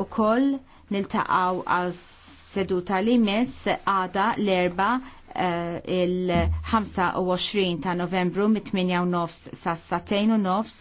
u koll niltaqaw għal seduta li mess għada l-erba eh, il-25 ta' novembru mit-8 u nofs sa' satajn u nofs